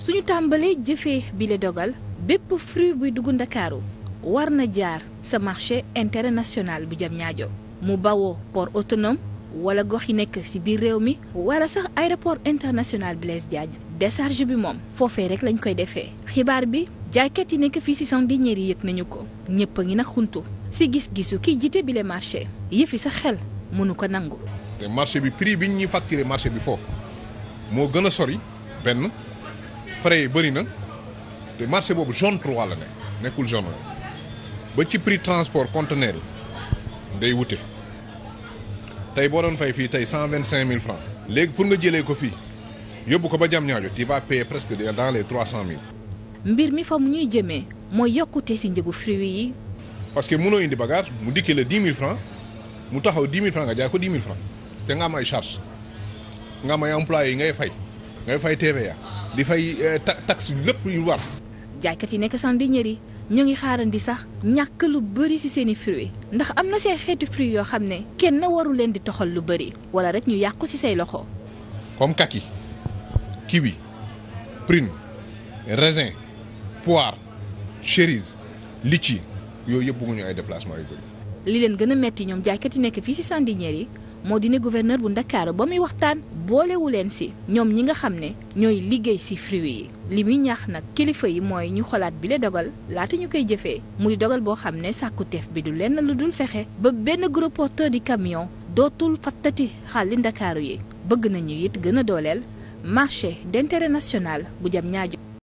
suñu tàmbalee jëfe bi dogal bépp fruit buy dugg ndakaaru war na jaar sa marché international bu Diamniadio mu bawoo port autonome wala gox yi nekk ci biir réew mi wala sax aéroport international Blaise Diagne décharge bi moom foofe rek lañ koy defee xibaar bi jaaykat yi nekk fii ci Sandiniéry yi yëg nañu ko ñëpp a ngi na xuntu ci gis-gisu kiy jiite bile marché yëfi sa xel mënu ko nangu. te marché bi prix bi ñuy facturer marché bi foofu moo gën a sori benn. frais yi bëri na te marché boobu zone 3 la ne nekkul zone ba ci pris transport conteneur yi day wute tey boo doon fay fii tey cent vingt cinq mille francs léegi pour nga jëlee ko fii yóbbu ko ba jam ñaajo tu vas payer presque dans les trois cent mille mbir mi fa mu ñuy jëmee mooy yokkute si njëgu fruits yi parce que mënoo indi bagage mu dikkee la dix mille francs mu taxaw dix mille nga jaay ko dix mille te nga am ay charge nga am ay employés yi ngay fay ngay fay TVA di fay euh, taxe lépp yu war. jaaykat yi nekk Sandiniéry yi ñoo ngi xaarandi sax ñàkk lu bëri ci seeni fruits ndax am na say xeetu fruits yoo xam ne kenn waru leen di toxal lu bëri wala rek ñu yàqu ci say loxo. comme kaki kiwi prune raisin poire cerise litchi yooyu yëpp bëgguñu ay déplacement yu bëri. li leen gën a metti ñoom jaaykat yi nekk fii ci Sandiniéry yi. moo di ne bu Ndakaaru ba muy waxtaan boolewu leen si ñoom ñi nga xam ne ñooy liggéey si fruits yi li muy ñax nag kilifa yi mooy ñu xolaat la dogal laata ñu koy jëfee mu di dogal boo xam ne sàkkuteef bi du lenn lu dul fexe ba benn gros porteur di camion dootul fattati xàlli Ndakaaru yi bëgg nañu it gën a dooleel marché d'intérêt national bu jam ñaajo